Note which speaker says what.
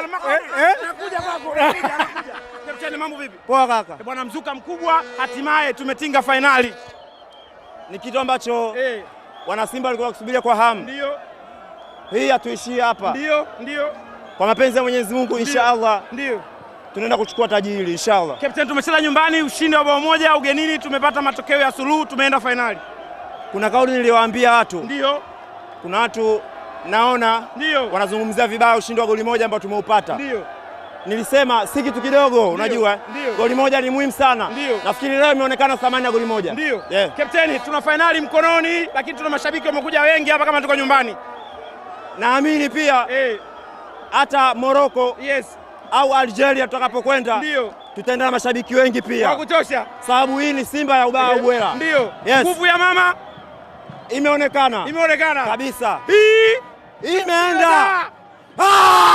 Speaker 1: Eh, eh? mambo vipi? Poa kaka. Eh, bwana mzuka mkubwa, hatimaye tumetinga fainali.
Speaker 2: Ni kitu ambacho hey, wana Simba walikuwa wakisubiria kwa hamu. Ndio. Hii hatuishii hapa.
Speaker 1: Ndio, ndio.
Speaker 2: Kwa mapenzi ya Mwenyezi Mungu inshallah. Ndio. Tunaenda kuchukua taji hili inshallah.
Speaker 1: Captain, tumecheza nyumbani ushindi wa bao moja, ugenini tumepata matokeo ya suluhu, tumeenda fainali.
Speaker 2: Kuna kauli niliwaambia watu. Ndio. Kuna watu naona ndio wanazungumzia vibaya ushindi wa goli moja ambao tumeupata. Ndio. Nilisema si kitu kidogo, unajua goli moja ni muhimu sana. Nafikiri leo imeonekana thamani ya goli moja.
Speaker 1: Ndio. Yeah. Kapteni, tuna fainali mkononi, lakini tuna mashabiki wamekuja wengi hapa kama tuko nyumbani.
Speaker 2: Naamini pia eh. hata hey, Morocco yes, au Algeria tutakapokwenda tutaenda na mashabiki wengi pia kwa kutosha, sababu hii ni Simba ya ubaya eh. ubwela. Ndio. Yes. ya mama imeonekana, imeonekana kabisa hii imeenda. Ah!